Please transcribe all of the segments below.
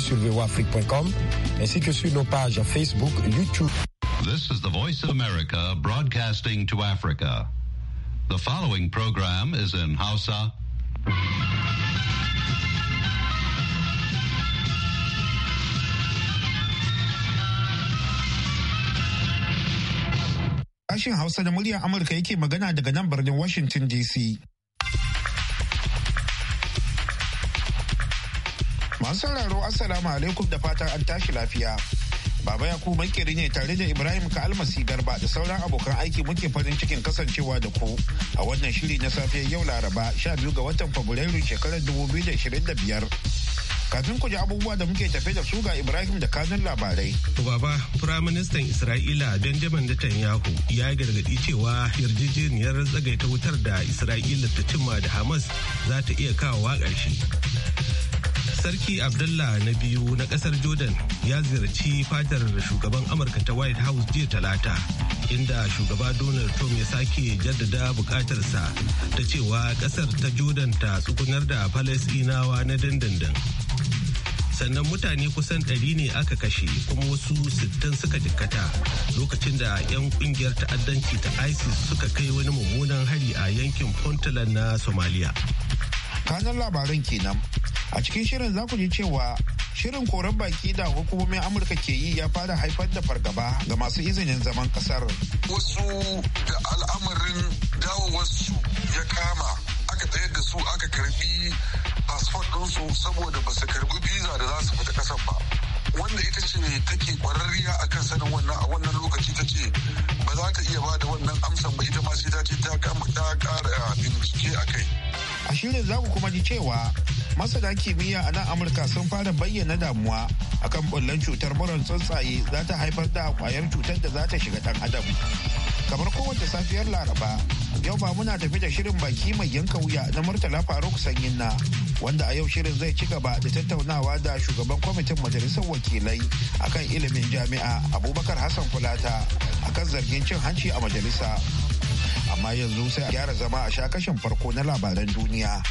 sur voafrique.com ainsi que sur nos pages Facebook, YouTube. This is the Voice of America broadcasting to Africa. The following program is in Hausa. Sashen Hausa da muryar Amurka yake magana daga nan birnin Washington DC. Masu sauraro Assalamu alaikum da fatan an tashi lafiya. Baba Yakubu makeri ne tare da Ibrahim ka almasi Garba da sauran abokan aiki muke farin cikin kasancewa da ku a wannan shiri na safiyar yau Laraba 12 ga watan Fabrairu shekarar 2025. Kafin ku ji abubuwa da muke tafe da su ga Ibrahim da kanun labarai. Baba, Firaministan Isra'ila Benjamin Netanyahu ya gargaɗi cewa yarjejeniyar tsagaita wutar da Isra'ila ta cimma da Hamas za ta iya kawowa ƙarshe. Sarki Abdullah na biyu na kasar Jordan ya ziyarci fadar shugaban Amurka ta White House jiya talata inda shugaba Donald Trump ya sake jaddada bukatarsa ta cewa kasar ta Jordan ta tsukunar da Falasɗinawa na dandandan. sannan mutane kusan ɗari ne aka kashe kuma wasu 60 suka jikkata lokacin da 'yan kungiyar ta'addanci ta isis suka kai wani mummunan hari a yankin puntland na somalia kanan labaran kenan a cikin shirin za ku ji cewa shirin koren baki da hukumomin amurka ke yi ya fara haifar da fargaba ga masu izinin zaman kasar wasu da al'amarin dawowarsu ya kama aka tsayar da su aka karbi pasfot ɗinsu saboda ba su karbi biza da za su fita ƙasar ba wanda ita ce take kwararriya a kan sanin wannan a wannan lokaci ta ce ba za ta iya ba da wannan amsan ba ita ma sai ta ce ta kara bincike a kai a shirin za ku kuma ji cewa masana kimiyya a nan amurka sun fara bayyana damuwa akan bullan cutar muran tsuntsaye za ta haifar da kwayar cutar da za ta shiga dan adam kamar kowace safiyar laraba yau ba muna tafi da shirin baki mai yanka wuya na murtala faruk sanyin na wanda a yau shirin zai ci gaba da tattaunawa da shugaban kwamitin majalisar wakilai akan ilimin jami'a abubakar hassan kulata akan zargin cin hanci a majalisa amma yanzu sai a gyara zama a sha shakashin farko na labaran duniya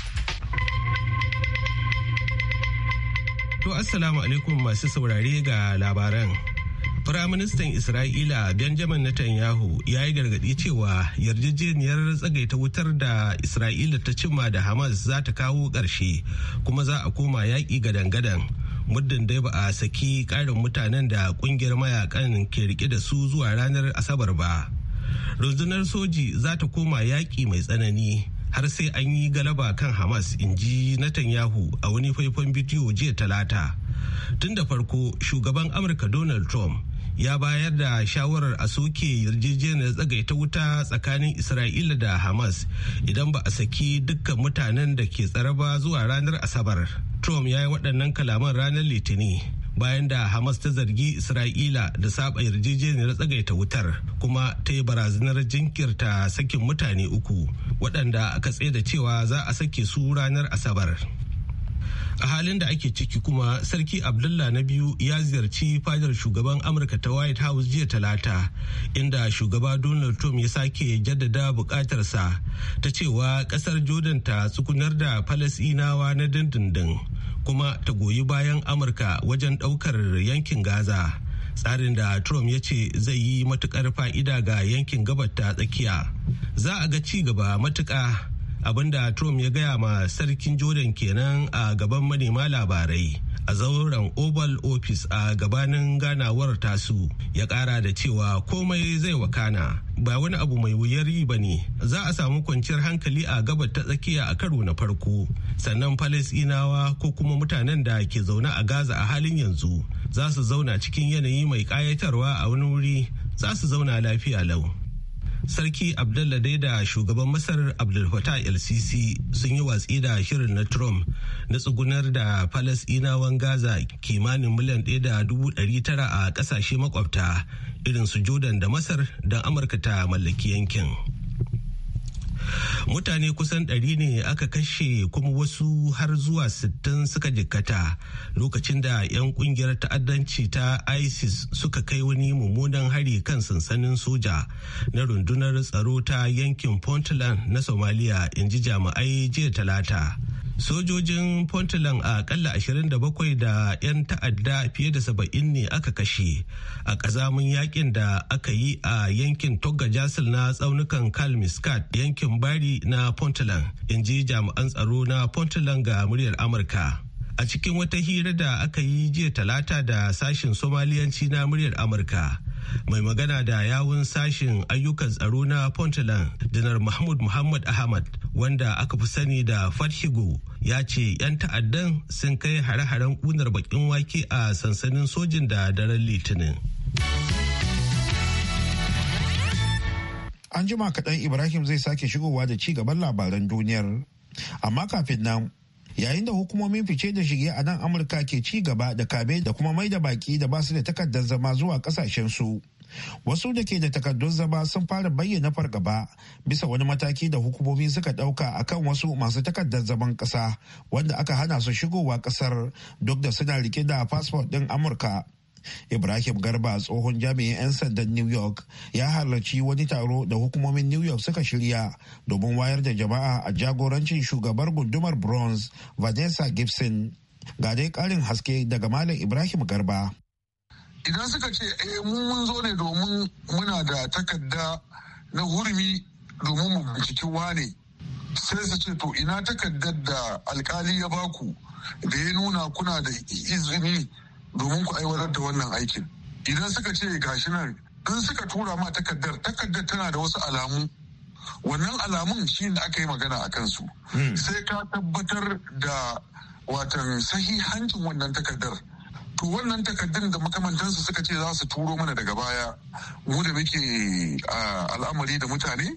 To assalamu alaikum masu saurare ga labaran. Firaministan Isra'ila Benjamin Netanyahu ya yi gargaɗi cewa yarjejeniyar tsagaita wutar da Isra'ila ta cimma da Hamas za ta kawo ƙarshe kuma za a koma yaƙi gadan-gadan. Muddin dai ba a saki ƙarin mutanen da ƙungiyar mayakan ke rike da su zuwa ranar Asabar ba. Rundunar soji za ta koma yaƙi mai tsanani. har sai an yi galaba kan hamas in ji netanyahu a wani faifan bidiyo jiya talata tun da farko shugaban amurka donald trump ya bayar da shawarar a soke yarjejeniyar tsagaita wuta tsakanin isra'ila da hamas idan ba a saki dukkan mutanen da ke tsaraba zuwa ranar asabar trump ya yi waɗannan kalaman ranar litinin bayan da hamas ta zargi isra'ila da saba yarjejeniyar tsagaita wutar kuma ta yi barazanar jinkirta sakin mutane uku waɗanda aka da cewa za a sake su ranar asabar a halin da ake ciki kuma sarki abdullah na biyu ya ziyarci fadar shugaban amurka ta white house jiya talata inda shugaba donald trump ya sake jaddada bukatarsa ta cewa kasar jordan ta tsukunar da falasinawa na dindindin kuma ta goyi bayan amurka wajen daukar yankin gaza tsarin da trump ya ce zai yi matukar fa'ida ga yankin gabar ta tsakiya za a ga ci gaba matuka abinda trump ya gaya ma sarkin jordan kenan a gaban manema labarai a zauren oval office a gabanin ganawar tasu ya kara da cewa komai zai wakana ba wani abu mai wuyar yi ba ne za a samu kwanciyar hankali a gabar ta tsakiya a karo na farko sannan falasinawa ko kuma mutanen da ke zaune a gaza a halin yanzu za su zauna cikin yanayi mai kayatarwa a wani wuri za su zauna lafiya lau sarki abdullah dai da shugaban masar abdulfata el-sisi sun yi watsi da shirin na trump na tsugunar da falasinawan gaza kimanin miliyan ɗaya da dubu ɗari tara a ƙasashe makwabta irin su jordan da masar don amurka ta mallaki yankin. mutane kusan ɗari ne aka kashe kuma wasu har zuwa sittin suka jikkata lokacin da 'yan kungiyar ta'addanci ta isis suka kai wani mummunan hari kan sansanin soja na rundunar tsaro ta yankin puntland na somalia in ji jami'ai jiya talata sojojin puntland a kalla 27 da 'yan ta'adda fiye da 70 ne aka kashe a kazamin yakin da aka yi a yankin togga jasil na tsaunukan kalmiskat yankin bari na puntland in ji jami'an tsaro na puntland ga muryar amurka a cikin wata hira da aka yi jiya talata da sashin somaliyanci na muryar amurka mai magana da yawun sashin ayyukan tsaro na puntland janar mahmud muhammad ahmad wanda aka fi sani da fathigo ya ce 'yan ta'addan sun kai hare-haren kunar bakin wake a sansanin sojin da daren litinin an jima kaɗan ibrahim zai sake shigowa da ci gaban labaran duniyar amma kafin nan yayin da hukumomin fice da shige a nan amurka ke ci gaba da kabe da kuma mai da baki da basu da takardar zama zuwa su wasu da ke da takardun zama sun fara bayyana fargaba bisa wani mataki da hukumomi suka dauka akan wasu masu takardar zaman kasa wanda aka hana su shigowa kasar duk da suna rike da fasfo din amurka Ibrahim Garba tsohon jami'in 'yan sandan New York ya halarci wani taro da hukumomin New York suka shirya domin wayar da jama'a a jagorancin shugabar gundumar Bronze Vanessa Gibson. Ga dai karin haske daga Malam Ibrahim Garba. Idan suka ce eh mun zo ne domin muna da takarda na hurmi domin mu binciki wane sai su ce to ina takardar da alkali ya baku da ya nuna kuna da izini domin ku aiwatar da wannan aikin idan suka ce gashi nan in suka tura ma takardar takardar tana da wasu alamu wannan alamun shi ne aka yi magana a kansu hmm. sai ka tabbatar da watan sahihancin wannan takardar to wannan takardar da makamantansu suka ce za su turo mana daga baya mu da muke al'amari da mutane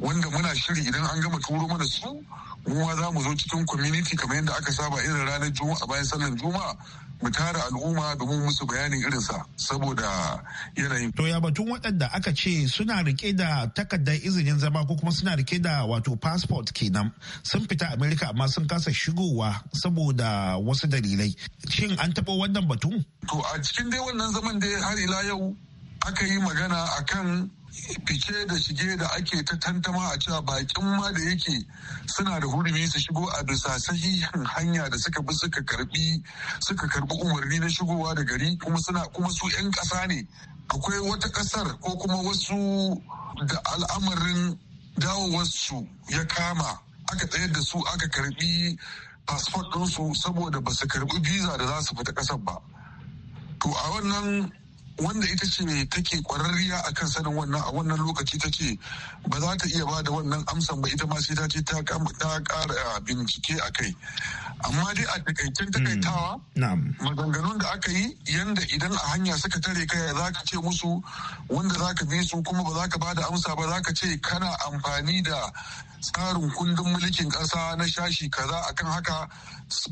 wanda muna shiri idan an gama turo mana su mu ma za mu zo cikin community kamar yadda aka saba irin ranar juma'a bayan sallar juma'a mu tara al'umma domin musu bayanin irinsa saboda yanayin. To ya batun waɗanda aka ce suna rike da takardar izinin zama ko kuma suna rike da wato passport kenan sun fita Amerika amma sun kasa shigowa saboda wasu dalilai. Shin an taɓa wannan batun? To a cikin dai wannan zaman dai har ila yau aka yi magana akan fice da shige da ake ta tantama a cewa bakin ma da yake suna da hurumi su shigo a bisa sahihin hanya da suka bi suka karbi suka karbi umarni na shigowa da gari kuma suna kuma su 'yan ƙasa ne akwai wata ƙasar ko kuma wasu da al'amarin dawowarsu ya kama aka tsayar da su aka karbi fasfot ɗinsu saboda ba su karbi biza da za su fita ƙasar ba to a wannan wanda ita ce ne take kwararriya a kan sanin wannan a wannan lokaci ta ce ba za ta iya ba da wannan amsan ba ita ma sai ta ce ta kara ah, bincike a kai amma dai a takaicen hmm. takaitawa maganganun da aka yi yanda idan a hanya suka tare kai za ka ce musu wanda za ka bi su kuma ba za ka ba da amsa ba za ka ce kana amfani da tsarin kundin mulkin kasa na shashi kaza akan haka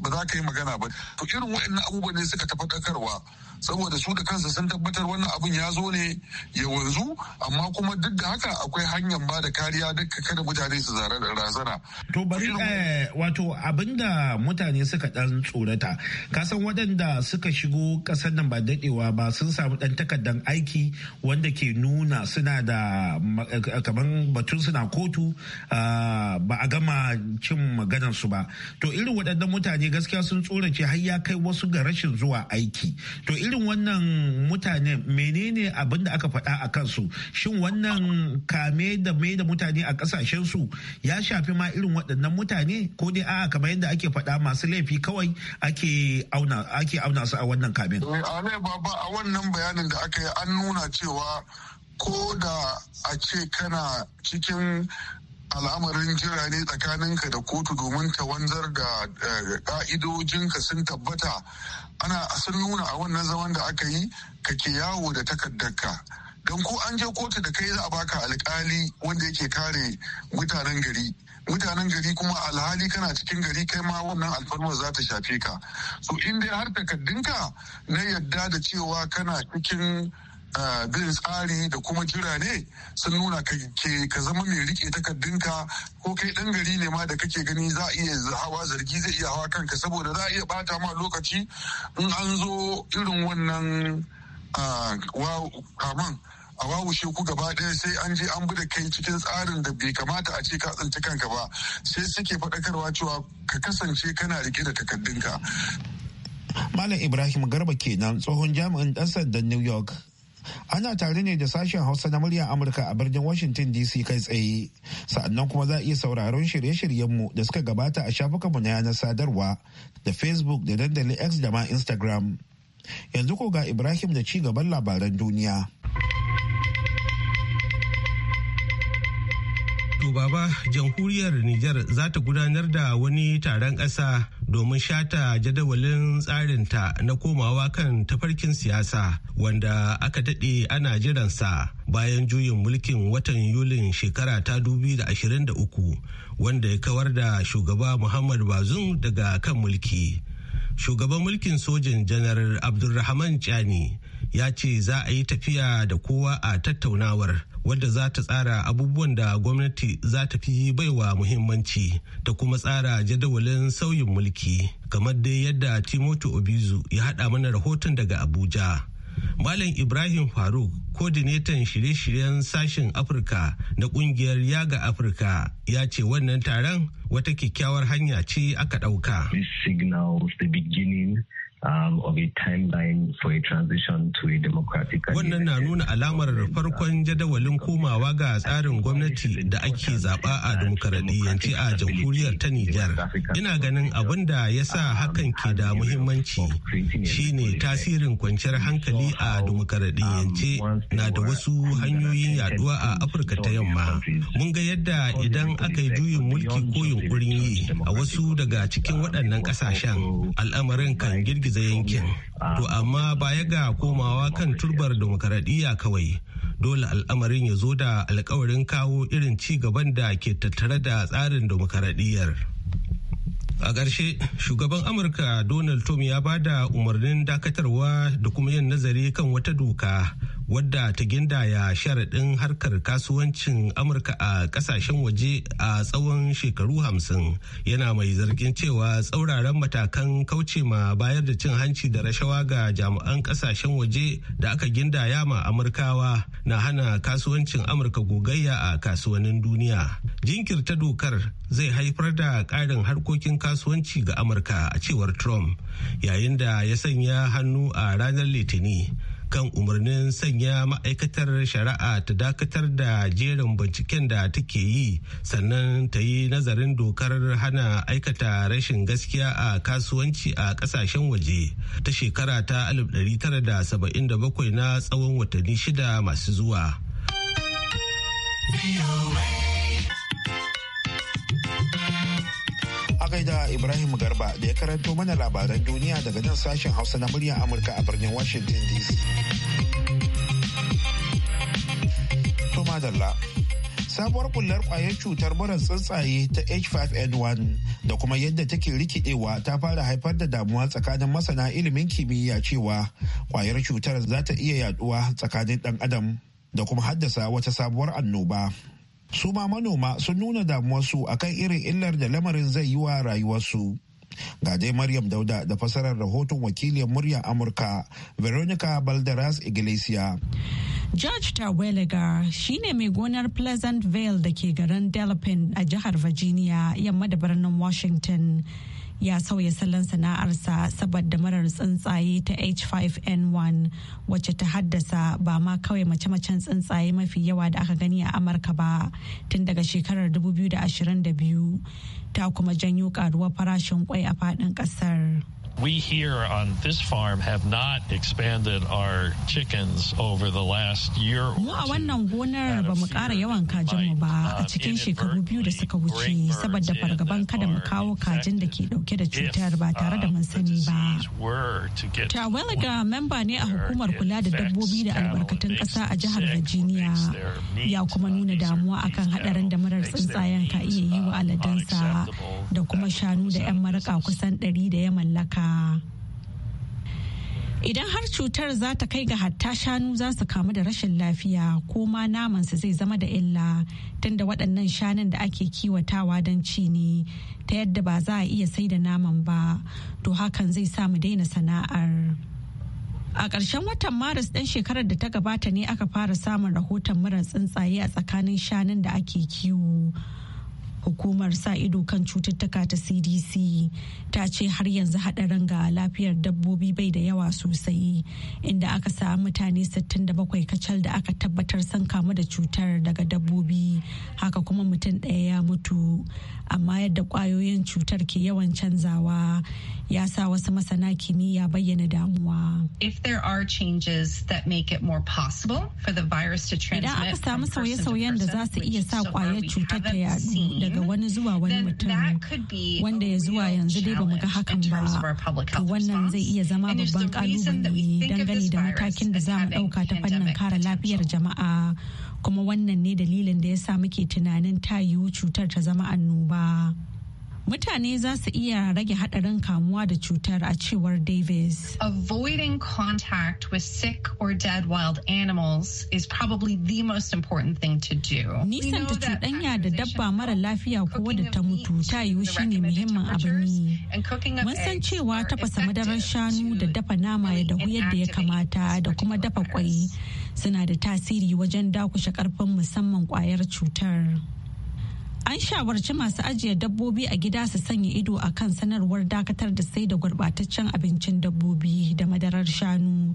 ba za ka yi magana ba to irin waɗannan abubuwa ne suka tafi saboda su da kansa sun tabbatar wannan abin ya zo ne ya wanzu amma kuma duk da haka akwai hanyar ba da kariya duka kada mutane su zara da razana. To bari eh, wato abinda mutane suka dan tsorata kasan waɗanda suka shigo ƙasar nan ba daɗewa ba sun samu ɗan takardar aiki wanda ke nuna suna da eh, eh, kamar batun suna kotu ah, ba a gama cin maganar su ba to irin waɗannan mutane gaskiya sun tsorace har ya kai wasu ga rashin zuwa aiki to irin wannan mutane menene abin da aka faɗa a kansu shin wannan kame da mai da mutane a kasashen su ya shafi ma irin waɗannan mutane ko dai a kamar yadda ake faɗa masu laifi kawai ake auna su a wannan kame eh, a wannan bayanin da aka yi an nuna cewa ko da a ce kana cikin al'amarin jira ne tsakaninka da kotu domin ta wanzar da ka'idojinka eh, sun tabbata ana sun nuna a wannan zaman da aka yi kake yawo da takardarka don ko an je kotu da kai za a baka alkali wanda yake kare mutanen gari mutanen gari kuma alhali kana cikin gari kai ma wannan alfarmar za ta shafe ka so in dai har takardunka na yadda da cewa kana cikin bin tsari da kuma jira ne sun nuna ka zama mai rike takardunka ko kai dan gari ne ma da kake gani za a iya hawa zargi zai iya hawa kanka saboda za a iya bata ma lokaci in an zo irin wannan kaman a wawushe ku gaba ɗaya sai an je an da kai cikin tsarin da bai kamata a ce ka tsinci kanka ba sai suke faɗakarwa cewa ka kasance kana rike da takardunka. Malam Ibrahim Garba kenan tsohon jami'in ɗan sandan New York ana tare ne da sashen hausa na murya amurka a birnin washington dc kai tsaye sa'annan kuma za a iya sauraron shirye-shiryenmu da suka gabata a shafukanmu na yanar sadarwa da facebook da dandalin x da ma instagram yanzu ko ga ibrahim da ci gaban labaran duniya to baba jamhuriyar nijar za ta gudanar da wani taron ƙasa domin shata jadawalin tsarinta na komawa kan tafarkin siyasa wanda aka daɗe ana jiransa bayan juyin mulkin watan yulin shekara ta 2023 wanda ya kawar da shugaba muhammad bazum daga kan mulki shugaban mulkin sojin janar abdulrahman chani ya ce za a yi tafiya da kowa a tattaunawar wadda za ta tsara abubuwan da gwamnati za ta fi baiwa muhimmanci ta kuma tsara jadawalin sauyin mulki kamar dai yadda timoti obizu ya haɗa mana rahoton daga abuja Malam Ibrahim Faruk, kodinetan shirye-shiryen sashen Afirka na kungiyar Yaga Afirka, ya ce wannan taron wata kyakkyawar hanya ce aka ɗauka. Um, of a timeline for a transition to a democratic Wannan na nuna alamar farkon jadawalin komawa ga tsarin gwamnati da ake zaba a demokaradiyyance a jamhuriyar ta Nijar. Ina ganin abin da ya sa hakan ke da muhimmanci shine tasirin kwanciyar hankali a demokaradiyyance na da wasu hanyoyin yaduwa a Afirka ta yamma. Mun ga yadda idan aka yi juyin mulki ko yunkurin yi a wasu daga cikin waɗannan ƙasashen al'amarin kan girgiza girgiza yankin to amma baya ga komawa kan turbar demokaradiyya kawai dole al'amarin ya zo da alkawarin kawo irin ci gaban da ke tattare da tsarin demokaradiyyar a ƙarshe shugaban amurka donald trump ya ba da umarnin dakatarwa da kuma yin nazari kan wata doka wadda ta gindaya sharaɗin harkar kasuwancin amurka a ƙasashen waje a tsawon shekaru hamsin yana mai zargin cewa tsauraran matakan kauce ma bayar da cin hanci da rashawa ga jami'an ƙasashen waje da aka gindaya ma amurkawa na hana kasuwancin amurka gogayya a kasuwannin duniya jinkirta dokar zai haifar da ƙarin harkokin kasuwanci ga amurka a cewar trump yayin da ya sanya hannu a ranar Litini. kan umarnin sanya ma'aikatar shari'a ta dakatar da jerin binciken da take yi sannan ta yi nazarin dokar hana aikata rashin gaskiya a kasuwanci a kasashen waje ta shekara ta 1977 na tsawon watanni shida masu zuwa. gaida Ibrahim Garba da ya karanto mana labaran duniya daga nan sashen Hausa na muryar Amurka a birnin Washington DC. Tomadalla. Sabuwar kullar kwayar cutar mura tsuntsaye ta H5N1 da kuma yadda take rikidewa ta fara haifar da damuwa tsakanin masana ilimin kimiyya cewa kwayar cutar za ta iya yaduwa tsakanin ɗan adam da kuma haddasa wata sabuwar annoba. su ma manoma sun nuna damuwarsu kan irin illar da lamarin zai yi wa rayuwarsu ga dai maryam dauda da fasarar rahoton wakiliyar muryar amurka veronica balderas iglesia George Tawelega shi ne mai gonar Pleasant Vale da ke garin Delapin a jihar Virginia yamma da birnin Washington. ya sauya salon sana'arsa saboda marar tsuntsaye ta H5N1 wacce ta haddasa ba ma kawai mace-macen tsuntsaye mafi yawa da aka gani a Amurka ba tun daga shekarar 2022 ta kuma janyo karuwar farashin kwai a faɗin ƙasar. we here on this farm have not expanded our chickens over the last year Mu a wannan gonar ba mu ƙara yawan kajin mu ba a uh, cikin shekaru biyu da suka wuce saboda fargaban kada mu kawo kajin da ke dauke da cutar ba tare da mun uh, sani ba. Tawelga memba ne a hukumar kula da dabbobi da albarkatun ƙasa a jihar Virginia ya kuma uh, nuna damuwa akan hadarin da marar tsuntsayen ka iya yi wa aladunsa da kuma shanu da 'yan maraka kusan 100 da ya mallaka. idan har cutar za ta kai ga hatta shanu za su kamu da rashin lafiya ko ma namansu zai zama da illa tunda waɗannan shanun da ake kiwatawa don ci ne ta yadda ba za a iya sai da naman ba to hakan zai sa mu daina sana'ar a ƙarshen watan maris ɗan shekarar da ta gabata ne aka fara samun rahoton mura tsuntsaye a tsakanin shanun da ake kiwo hukumar sa ido kan cututtuka ta cdc ta ce har yanzu hadarin ga lafiyar dabbobi bai da yawa sosai inda aka samu mutane 67 kacal da aka tabbatar san kamu da cutar daga dabbobi haka kuma mutum ɗaya ya mutu amma yadda kwayoyin cutar ke yawan canzawa ya sa wasu masana kimiyya bayyana damuwa idan aka samu sauye-sauyen da za su iya sa kwayar cutar ta yadu daga wani zuwa wani mutum wanda ya zuwa yanzu dai ba mu ga hakan ba to wannan zai iya zama babban kalubale dangane da matakin da za mu ɗauka ta fannin kare lafiyar jama'a kuma wannan ne dalilin da ya sa muke tunanin ta yiwu cutar ta zama annoba. mutane za su iya rage hadarin kamuwa da cutar a cewar Davis. Avoiding contact with sick or dead wild animals is probably the most important thing to do. Nisan ta cuɗanya da dabba mara lafiya ko wadda ta mutu ta yiwu shine muhimmin abin yi. Mun san cewa tafasa madarar shanu da dafa nama ya dahu yadda ya kamata da kuma dafa kwai suna da tasiri wajen dakushe karfin musamman kwayar cutar. an shawarci masu ajiye dabbobi a gida su sanya ido a kan sanarwar dakatar da sai da gurɓataccen abincin dabbobi da madarar shanu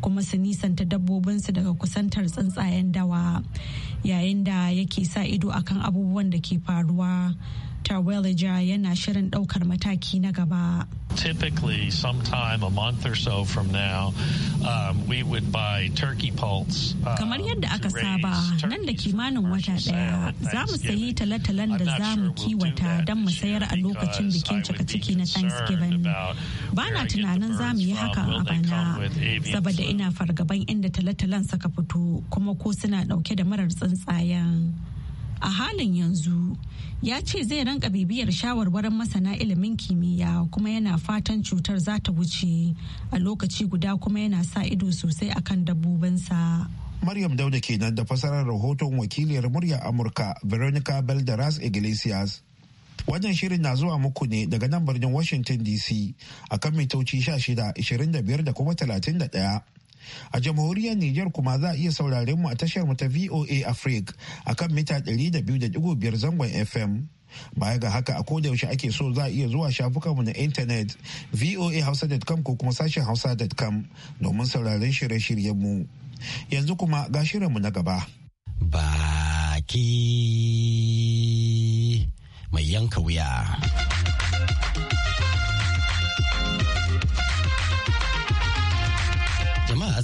kuma su nisanta dabbobinsu daga kusantar tsuntsayen dawa yayin da yake sa ido akan abubuwan da ke faruwa Dr. Welija yana shirin daukar mataki na gaba. Typically, sometime a month or so from now, um, we would buy turkey pulse uh, Kamar yadda aka saba, nan da kimanin wata daya za mu sayi talatalan da za mu kiwata don mu sayar a lokacin bikin cika ciki na Thanksgiving. Ba na tunanin za mu yi haka a bana, saboda ina fargaban inda talatalan suka fito kuma ko suna dauke da marar tsuntsayen. a halin yanzu ya ce zai ranka bibiyar shawarwarin masana ilimin kimiyya kuma yana fatan cutar za ta wuce a lokaci guda kuma yana sa ido sosai akan dabbobinsa. Maryam Dauda kenan da fasarar rahoton wakiliyar murya Amurka Veronica Belderas Iglesias. Wannan shirin na zuwa muku ne daga nan birnin Washington DC a akan mitoci 16, 25 da kuma 31. A jamhuriyar Nijar kuma za a iya sauraren mu a tashar mu ta VOA Africa a kan mita 200.5 zangon FM. Baya ga haka a yaushe ake so za a iya zuwa shafukanmu na intanet voahausa.com ko kuma sashen hausa.com domin sauraren shirye-shiryenmu. Yanzu kuma ga shirinmu na gaba. Baki mai yanka wuya.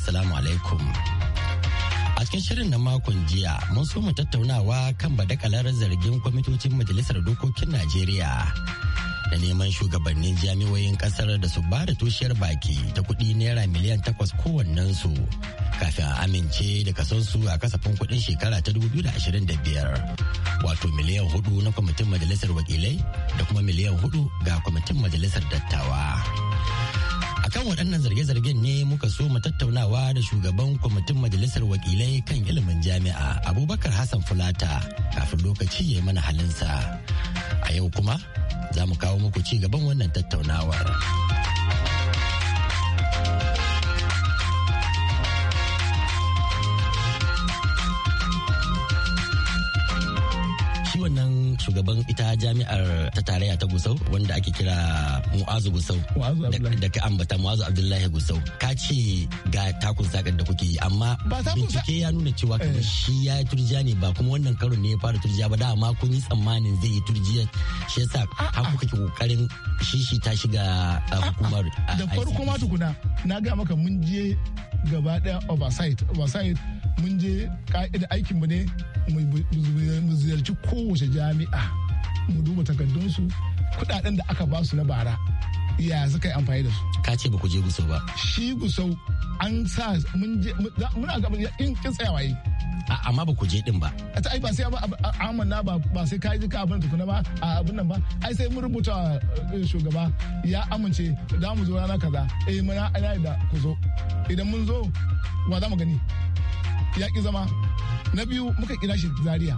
Assalamu alaikum. A cikin shirin na makon jiya mun so mu tattaunawa kan badakalar zargin kwamitocin Majalisar Dokokin Najeriya da neman shugabannin jami'oyin kasar da su ba da toshiyar baki ta kuɗi naira miliyan takwas su. kafin a amince da su a kasafin kudin shekara ta biyar. wato miliyan hudu na kwamitin majalisar wakilai da kuma miliyan hudu ga kwamitin majalisar dattawa. Kan waɗannan zarge-zargen ne muka so mu tattaunawa da shugaban kwamitin majalisar wakilai kan ilimin jami'a abubakar hassan fulata kafin lokaci ya yi mana halinsa a yau kuma za mu kawo muku ci gaban wannan tattaunawar. shugaban ita jami'ar ta tarayya ta Gusau wanda ake kira Mu'azu Gusau da ka ambata Mu'azu Abdullahi Gusau ka ce ga takun sakar da kuke yi amma bincike ya nuna cewa kuma eh. shi ya yi turjiya ne ba kuma wannan karon ne ya fara turjiya ba dama kun yi tsammanin zai yi turjiya shi yasa har kuka ke kokarin shishi ta shiga uh, hukumar uh, da farko ma tukuna na ga maka mun je gaba daya oversight oversight mun je ka'ida aikin mu ne mu ziyarci kowace jami'a mu duba takardun su kudaden da aka basu na bara ya suka yi amfani da su ka ce ba ku je gusau ba shi gusau an sa mun je muna ya in kin tsayawa yi amma ba ku je din ba ta ai ba sai amanna ba ba sai kai ka abin tukuna ba a abin nan ba ai sai mun rubuta eh, shugaba ya amince za mu zo rana kaza eh muna ana da ku zo idan mun zo wa za mu gani ya ki zama na biyu muka kira shi zaria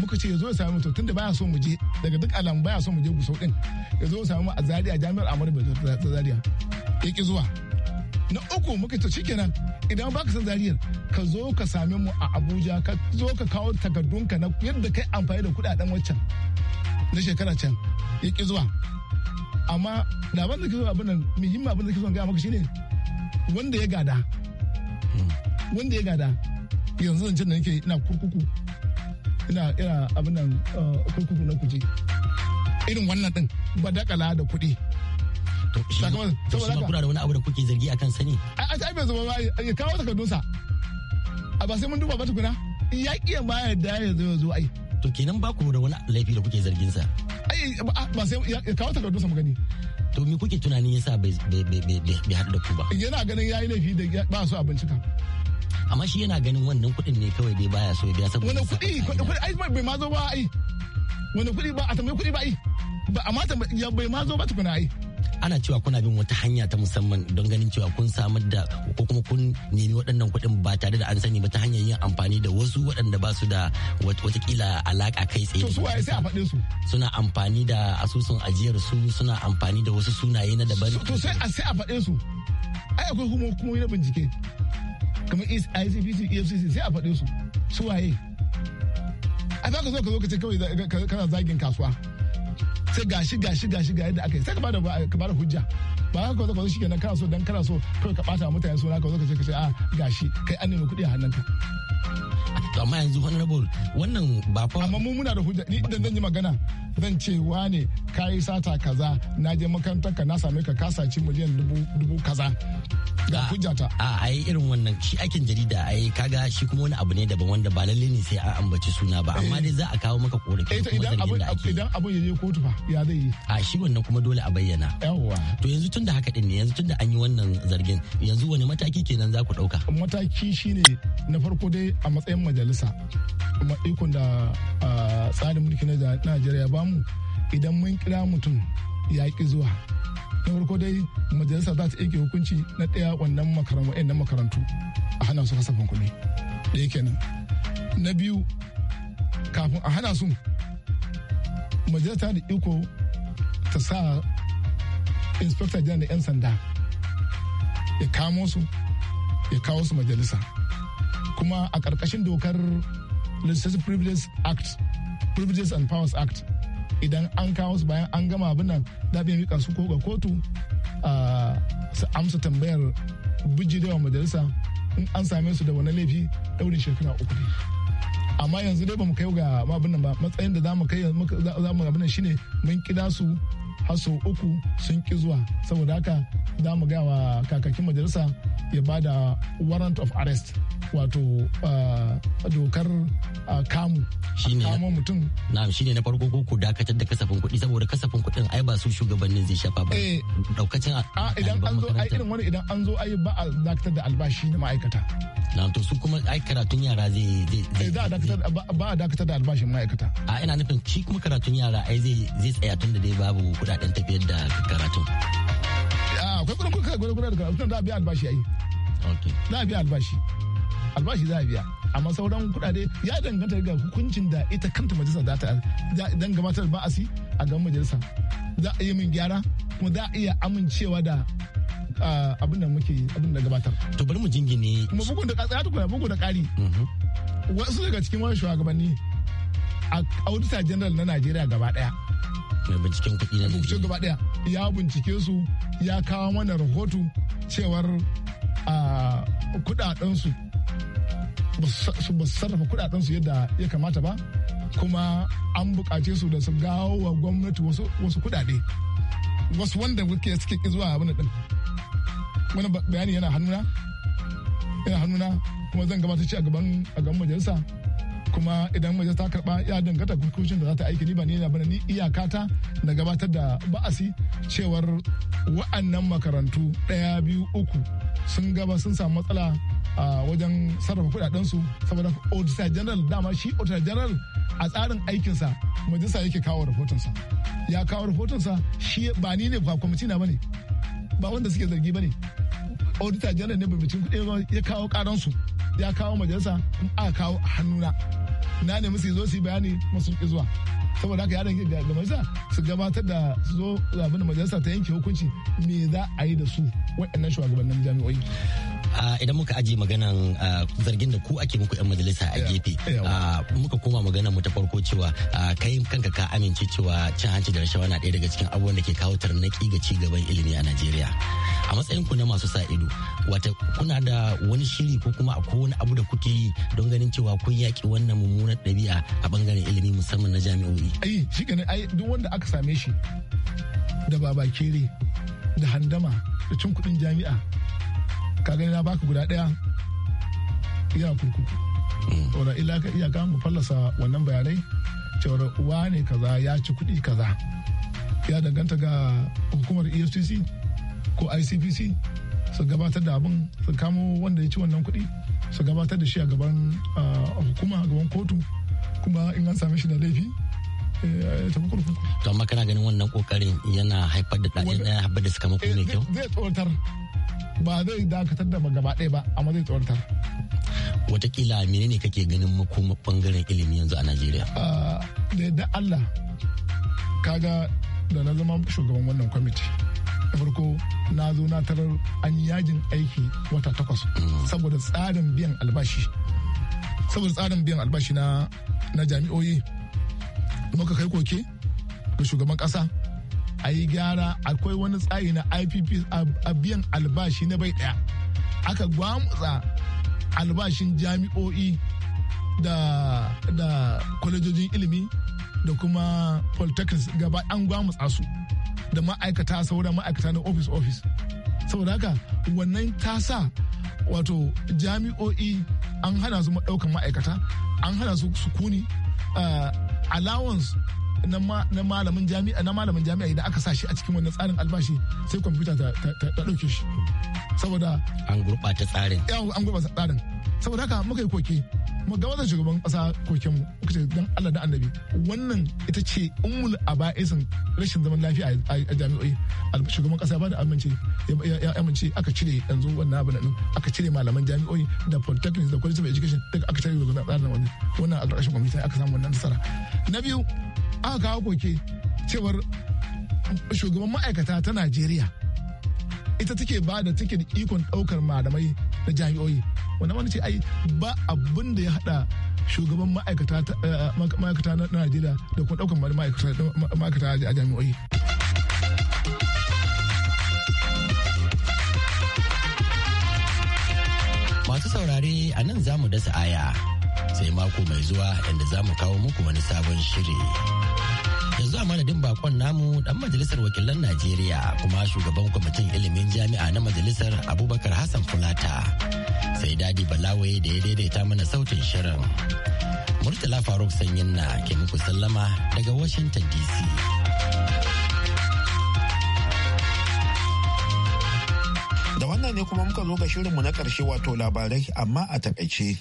muka ce ya zo ya sami mu tunda baya so mu je daga duk alamu baya so mu je gusau din ya zo ya sami mu a zaria jami'ar amur ta zaria ya ki zuwa na uku muka ce shikenan idan baka san zariyar ka zo ka same mu a abuja ka zo ka kawo takardunka na yadda kai amfani da kudaden waccan na shekara can ya ki zuwa amma da ban da kizo abin nan muhimmin abin da zuwa ga maka shine wanda ya gada wanda ya gada yanzu zancen da nake ina kurkuku ina ina abin nan uh, kurkuku na kuje irin wannan din ba dakala da kuɗi to saboda haka kura da wani abu da kuke zargi akan sani a ta bai zama ya kawo takardunsa a ba sai mun duba ba tukuna ya iya ya yadda ya da ya zo ai to kenan ba ku da wani laifi da kuke zargin sa ai ba ah, sai ya kawo takardunsa mu gani to me kuke tunanin yasa bai haɗu da ku ba yana ganin yayi laifi da ba su a bincika amma shi yana ganin wannan kuɗin ne kawai dai baya so ya biya saboda wani kuɗi kuɗi ai bai ma zo ba ai wani kuɗi ba a tambayi kuɗi ba ai ba amma ya bai ma zo ba tukuna ai ana cewa kuna bin wata hanya ta musamman don ganin cewa kun samar da ko kuma kun nemi waɗannan kuɗin ba tare da an sani ba ta hanyar yin amfani da wasu waɗanda ba su da watakila alaƙa kai tsaye. su waye sai a faɗe su. Suna amfani da asusun ajiyar su suna amfani da wasu sunaye na daban. To sai a faɗe su. Ai akwai kuma hukumomi na bincike. kamar ICPC EFCC sai a faɗe su su waye a za ka zo ka zo ka ce kawai kana zagin kasuwa sai gashi gashi gashi ga yadda aka yi sai ka bada hujja ba ka zo ka zo shi kenan kana so dan kana so kawai ka bata mutane suna ka zo ka ce ka ce a ah, gashi kai an nemi kuɗi a hannunka to amma yanzu honorable wannan ba fa amma mu muna da hujja ni dan zan yi magana zan ce wane kai sata kaza na je makarantar ka na same ka ka saci miliyan dubu dubu kaza da ah, hujja ta a ah, ai irin wannan shi aikin jarida ai kaga shi kuma wani abu ne daban wanda ba lalle ne sai a ambaci suna ba amma dai za a kawo maka korafi eh, idan abun idan abun ya je kotu fa ya zai yi a shi wannan kuma dole a bayyana yawwa to yanzu tun da haka din ne yanzu tun da an yi wannan zargin yanzu wani mataki kenan za ku ɗauka. mataki shine na farko dai a matsayin majalisa kuma ikon da tsarin mulki na najeriya bamu idan mun kira mutum ya ki zuwa na farko dai majalisa za ta yanke hukunci na ɗaya wannan makarantu makarantu a hana su kasafin kuɗi ɗaya kenan na biyu kafin a hana su majalisa da iko ta sa inspector general da 'yan sanda ya kamo su ya kawo su majalisa kuma a ƙarƙashin dokar legislative privileges act privileges and powers act idan an kawo su bayan an gama abin nan zaɓe mika su ko ga kotu su amsa tambayar bijirewa majalisa in an same su da wani laifi daurin shekara uku ne amma yanzu dai ba mu kai ga abin nan ba matsayin da za mu kai mu abin nan shine mun kida su haso uku sun ki zuwa saboda haka za mu gawa kakakin majalisa ya ba da warrant of arrest wato ah, dokar ah, kamu shine kama mutum shi ne na farko ko ku dakatar da kasafin kuɗi saboda kasafin kuɗin ai ba su shugabannin zai shafa ba eh. daukacin a ah, idan an zo ai irin wani idan an zo ai ba a dakatar da albashi na ma'aikata na to su kuma ai karatun yara zai zai eh, ba a dakatar da albashin ma'aikata a ina nufin shi kuma karatun yara ai zai zai tsaya tun da dai babu kuɗaɗen tafiyar da karatun akwai kuɗin kuɗin kuɗin da karatun da biya albashi ai za a biya albashi albashi za a biya amma sauran kuɗaɗe ya danganta ga hukuncin da ita kanta majalisa za ta dan gabatar ba'asi a gaban majalisa za a yi min gyara kuma za a iya amincewa da abin da muke abin da gabatar to bari mu jingine kuma bugun da ya bugun da ƙari mhm. wasu daga cikin wani shugabanni a auditor general na najeriya gaba ɗaya mai binciken kuɗi na bincike gaba ɗaya ya bincike su ya kawo mana rahoto cewar kuɗaɗensu ba sarrafa kudaden su yadda ya kamata ba kuma an bukace su da su gawo wa gwamnati wasu kudade wasu wanda kuke suke zuwa abin din wani bayani yana hannuna yana hannuna kuma zan gabata ci gaban a gaban majalisa kuma idan majalisa ta karba ya dangata kukucin da za ta aiki ni ba ni na ni iyaka ta na gabatar da ba'asi cewar wa'annan makarantu ɗaya biyu uku sun gaba sun samu matsala a wajen sarrafa kudadensu saboda auditor general dama shi auditor general a tsarin aikinsa majalisa yake kawo rahotonsa ya kawo rahotonsa shi ba ni ne ba kwamiti na bane ba wanda suke zargi bane auditor general ne bambancin kudi ya kawo karansu ya kawo majalisa kuma aka kawo hannuna na nemi su zo su yi bayani masu ki zuwa saboda haka yaron da majalisa su gabatar da su zo zaɓen majalisa ta yanke hukunci me za a yi da su waɗannan shugabannin jami'oi idan muka ajiye maganan zargin da ku ake muku yan majalisa a gefe muka koma magana mu ta farko cewa kai kanka ka amince cewa cin hanci da rashawa na ɗaya daga cikin abubuwan da ke kawo tarnaki ga ci gaban ilimi a Najeriya a matsayin ku na masu sa ido wata kuna da wani shiri ko kuma akwai wani abu da kuke yi don ganin cewa kun yaƙi wannan mummunar ɗabi'a a bangaren ilimi musamman na jami'o'i ai eh, shi ai duk wanda aka same shi da babakere da handama da cin kuɗin jami'a ka gani na baka guda daya iya kurkuku saboda illa ka iya mu fallasa wannan bayanai cewar uwa ne kaza ya ci kuɗi kaza ya danganta ga hukumar efcc ko icpc su gabatar da abin su kamo wanda ya ci wannan kuɗi su gabatar da shi a gaban hukuma a gaban kotu kuma in an same shi da laifi eh, tafi kurkuku. to amma kana ganin wannan kokarin yana haifar da ɗaya haifar da sakamako mai eh, kyau zai tsoratar ba zai dakatar da gaba ɗaya ba amma zai tsawartar watakila menene kake ganin makoma bangaren ilimi yanzu a najeriya ah, da yadda allah kaga da na zama shugaban wannan kwamiti da farko na zo na tarar an yajin aiki wata takwas mm. saboda tsarin biyan albashi saboda tsarin biyan albashi na jami'oyi muka kai koke ga shugaban kasa a yi gyara akwai wani tsari na ipp a biyan albashi na bai daya aka gwamutsa albashin jami'o'i da da kwalejojin ilimi da kuma polytechnics gaba an gwamutsa su da ma'aikata sauran ma'aikata na office office saboda haka wannan ta sa wato jami'o'i an hana su ɗaukan ma'aikata an hana su sukuni allowance na malamin jami'a na malamin jami'a idan aka sa shi a cikin wannan tsarin albashi sai kwamfuta ta ɗauke shi saboda an gurɓata tsarin an gurɓata tsarin saboda haka muka yi koke mu ga wannan shugaban kasa koke mu muka ce dan Allah da annabi wannan ita ce ummul aba'isin rashin zaman lafiya a jami'o'i shugaban kasa ba da amince ya amince aka cire yanzu wannan abin nan aka cire malaman jami'o'i da polytechnics da college of education daga aka cire daga tsarin wannan wannan a ƙarshen kwamitin aka samu wannan nasara na biyu aka kawo koke cewar shugaban ma'aikata ta Najeriya ita take ba da take da ikon ɗaukar malamai da jami'o'i wanda wani ce ai ba abin da ya hada shugaban ma'aikata eh, eh, na Najeriya da kuma daukan ma'aikata a jami'o'i. Masu saurare a nan za mu dasa aya sai mako mai zuwa inda za mu kawo muku wani sabon shiri. yanzu a madadin bakon namu dan majalisar wakilan najeriya kuma shugaban kwamitin ilimin jami'a na majalisar abubakar hassan fulata sai dadi balawaye da ya daidaita mana sautin shirin murtala faruk sanyin na ke muku sallama daga washington dc da wannan ne kuma muka zo ga shirinmu na ƙarshe wato labarai amma a takaice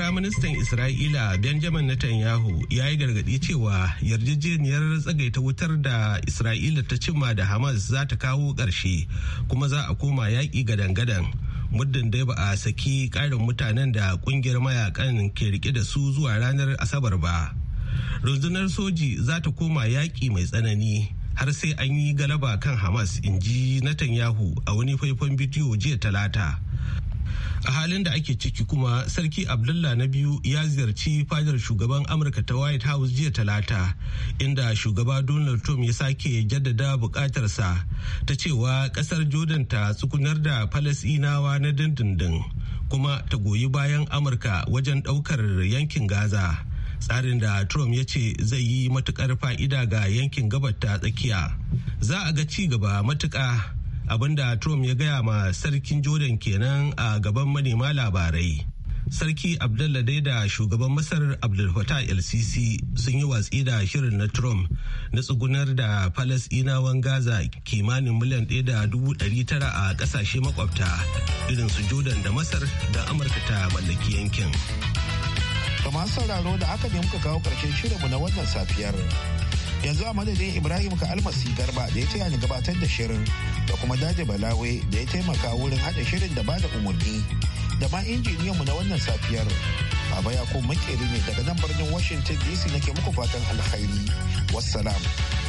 Firaministan Isra'ila Benjamin Netanyahu ya yi gargaɗi cewa yarjejeniyar tsagaita wutar da Isra'ila ta cimma da Hamas za ta kawo ƙarshe kuma za a koma yaƙi gadan-gadan. Muddin dai ba a saki ƙarin mutanen da ƙungiyar mayakan ke rike da su zuwa ranar Asabar ba. Rundunar soji za ta koma yaƙi mai tsanani. har sai an yi galaba kan Hamas in ji Netanyahu a wani faifan bidiyo jiya talata a halin da ake ciki kuma sarki abdullah na biyu ya ziyarci fadar shugaban amurka ta white house jiya talata inda shugaba donald trump ya sake jaddada bukatarsa ta cewa kasar jordan ta tsukunar da falasinawa na dindindin kuma ta goyi bayan amurka wajen daukar yankin gaza tsarin da trump ya ce zai yi matukar fa'ida ga yankin gabata tsakiya za a ga ci gaba matuka abinda trump ya gaya ma sarkin jordan kenan a gaban manema labarai sarki abdullah dai da shugaban masar abdul LCC LCC sun yi watsi da shirin na trump na tsugunar da falasinawan gaza kimanin miliyan ɗaya da dubu ɗari tara a ƙasashe makwabta irin su jordan da masar da amurka ta mallaki yankin kamar sauraro da aka ne muka kawo ƙarshen shirinmu na wannan safiyar yanzu a madadin ibrahim ka almasi garba da ya taya ni gabatar da shirin da kuma daji balawe da ya taimaka wurin haɗa shirin da ba da umarni da ma injiniyan mu na wannan safiyar baba ya ko makeri ne daga nan birnin washington dc nake muku fatan alkhairi wassalam